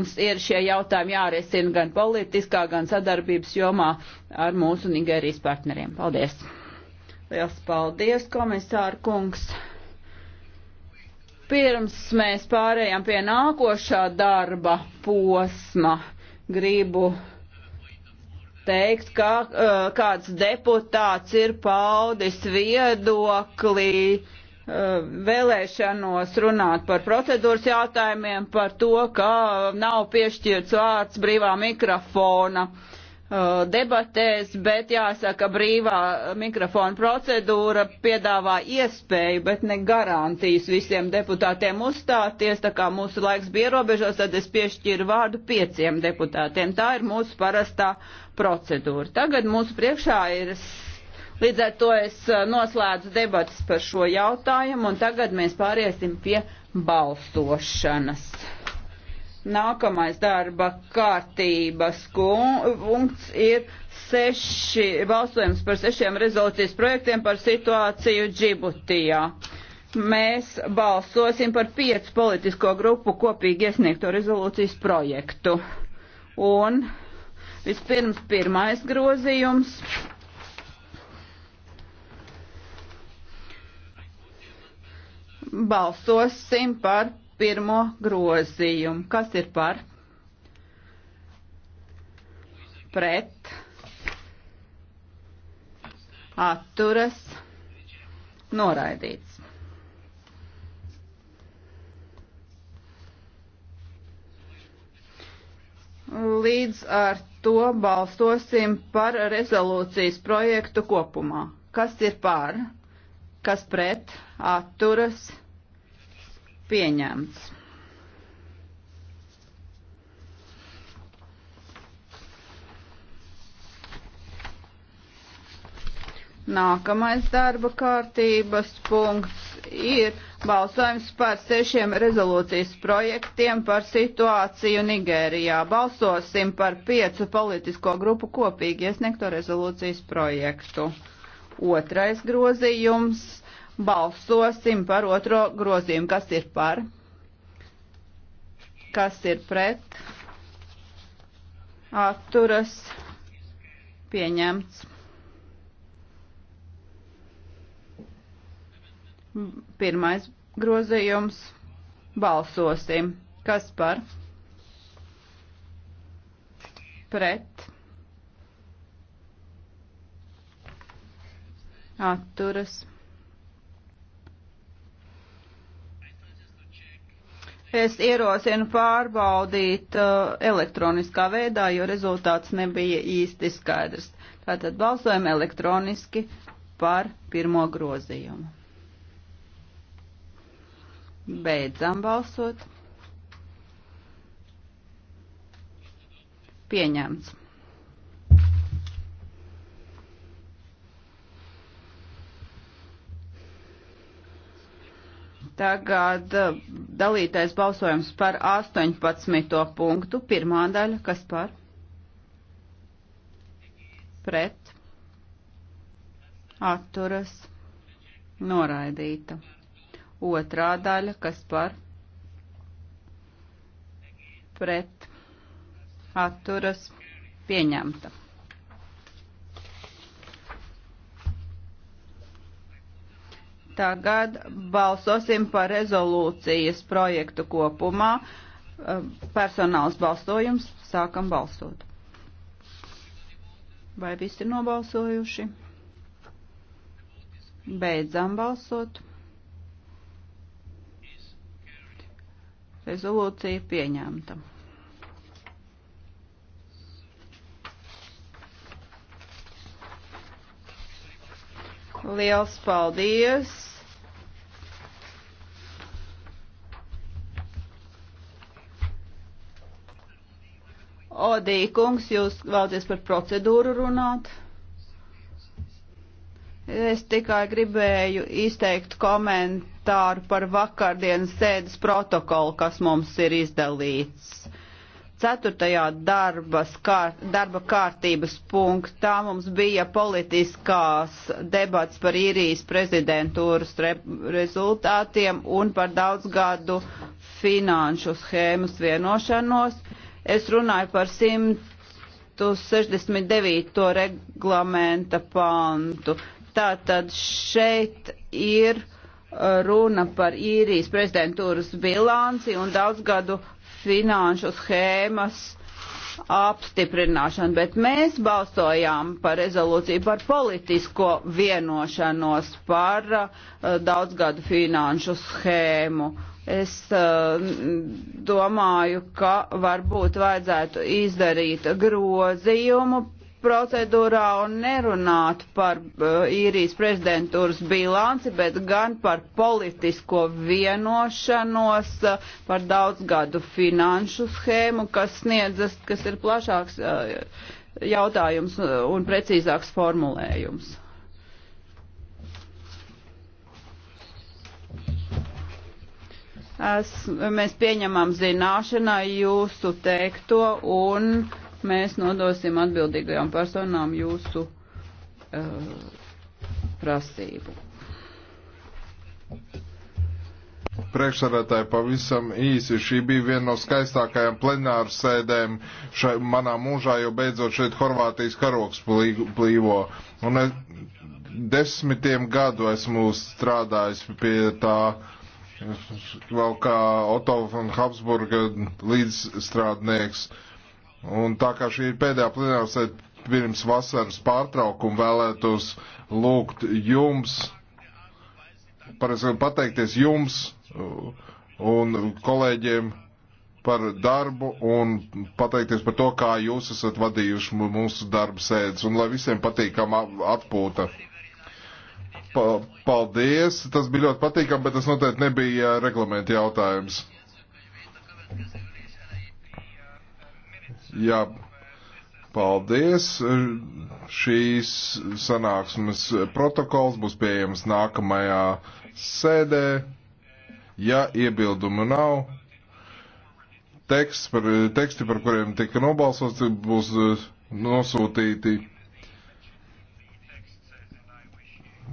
Mums ir šie jautājumi jārisina gan politiskā, gan sadarbības jomā ar mūsu Nigērijas partneriem. Paldies! Liels paldies, komisāra kungs! Pirms mēs pārējām pie nākošā darba posma, gribu teikt, ka kā, eh, kāds deputāts ir paudis viedoklī Uh, vēlēšanos runāt par procedūras jautājumiem, par to, ka nav piešķirts vārds brīvā mikrofona uh, debatēs, bet jāsaka, brīvā mikrofona procedūra piedāvā iespēju, bet ne garantijas visiem deputātiem uzstāties, tā kā mūsu laiks bija ierobežos, tad es piešķiru vārdu pieciem deputātiem. Tā ir mūsu parastā procedūra. Tagad mūsu priekšā ir Līdz ar to es eh, noslēdzu debatas par šo jautājumu, un tagad mēs pāriesim pie balsošanas. Nākamais darba kārtības punkts ir seši, balsojums par sešiem rezolūcijas projektiem par situāciju Džibutijā. Mēs balsosim par piecu politisko grupu kopīgi iesniegto rezolūcijas projektu. Un vispirms pirmais grozījums. balsosim par pirmo grozījumu. Kas ir par? Pret. Atturas. Noraidīts. Līdz ar to balsosim par rezolūcijas projektu kopumā. Kas ir par? Kas pret? Atturas pieņemts. Nākamais darba kārtības punkts ir balsojums par sešiem rezolūcijas projektiem par situāciju Nigērijā. Balsosim par piecu politisko grupu kopīgi iesniegto rezolūcijas projektu. Otrais grozījums Balsosim par otro grozījumu. Kas ir par? Kas ir pret? Atturas. Pieņemts. Pirmais grozījums. Balsosim. Kas par? Pret. Atturas. Es ierosinu pārbaudīt uh, elektroniskā veidā, jo rezultāts nebija īsti skaidrs. Tātad balsojam elektroniski par pirmo grozījumu. Beidzam balsot. Pieņemts. Tagad eh, dalītais balsojums par 18. punktu. Pirmā daļa, kas par? Pret. Atturas. Noraidīta. Otrā daļa, kas par? Pret. Atturas. Pieņemta. Tagad balsosim par rezolūcijas projektu kopumā. Um, personāls balsojums. Sākam balsot. Vai visi ir nobalsojuši? Beidzam balsot. Rezolūcija pieņemta. Liels paldies! Odī, kungs, jūs vēlaties par procedūru runāt? Es tikai gribēju izteikt komentāru par vakardienas sēdes protokolu, kas mums ir izdalīts. Ceturtajā kār, darba kārtības punktā mums bija politiskās debats par īrijas prezidentūras re, rezultātiem un par daudzgadu finanšu schēmas vienošanos. Es runāju par 169. reglamenta pantu. Tātad šeit ir uh, runa par īrijas prezidentūras bilanci un daudzgadu finanšu schēmas apstiprināšanu, bet mēs balsojām par rezolūciju par politisko vienošanos par uh, daudzgadu finanšu schēmu. Es uh, domāju, ka varbūt vajadzētu izdarīt grozījumu procedūrā un nerunāt par uh, īrijas prezidentūras bilanci, bet gan par politisko vienošanos, uh, par daudzgadu finanšu schēmu, kas sniedzas, kas ir plašāks uh, jautājums un precīzāks formulējums. Es, mēs pieņemam zināšanai jūsu teikto un uh, mēs nodosim atbildīgajām personām jūsu uh, prasību. Priekšsarētāji pavisam īsi. Šī bija viena no skaistākajām plenāru sēdēm šai, manā mūžā, jo beidzot šeit Horvātijas karoks plīvo. Un es desmitiem gadu esmu strādājis pie tā vēl kā Otto von Habsburga līdzstrādnieks. Uh, Un tā kā šī ir pēdējā plenārsēde pirms vasaras pārtraukuma, vēlētos lūgt jums, parasti pateikties jums uh, un kolēģiem par darbu un pateikties par to, kā jūs esat vadījuši mūsu darba sēdes un lai visiem patīkam atpūta. Pa, paldies, tas bija ļoti patīkami, bet tas noteikti nebija uh, reglamenta jautājums. Jā, paldies. Šīs sanāksmes protokols būs pieejams nākamajā sēdē. Ja iebildumu nav, teksts par, teksti, par kuriem tika nobalsots, būs eh, nosūtīti,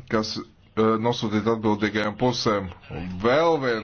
kas eh, nosūtīti atbildīgajām pusēm. Vēl vien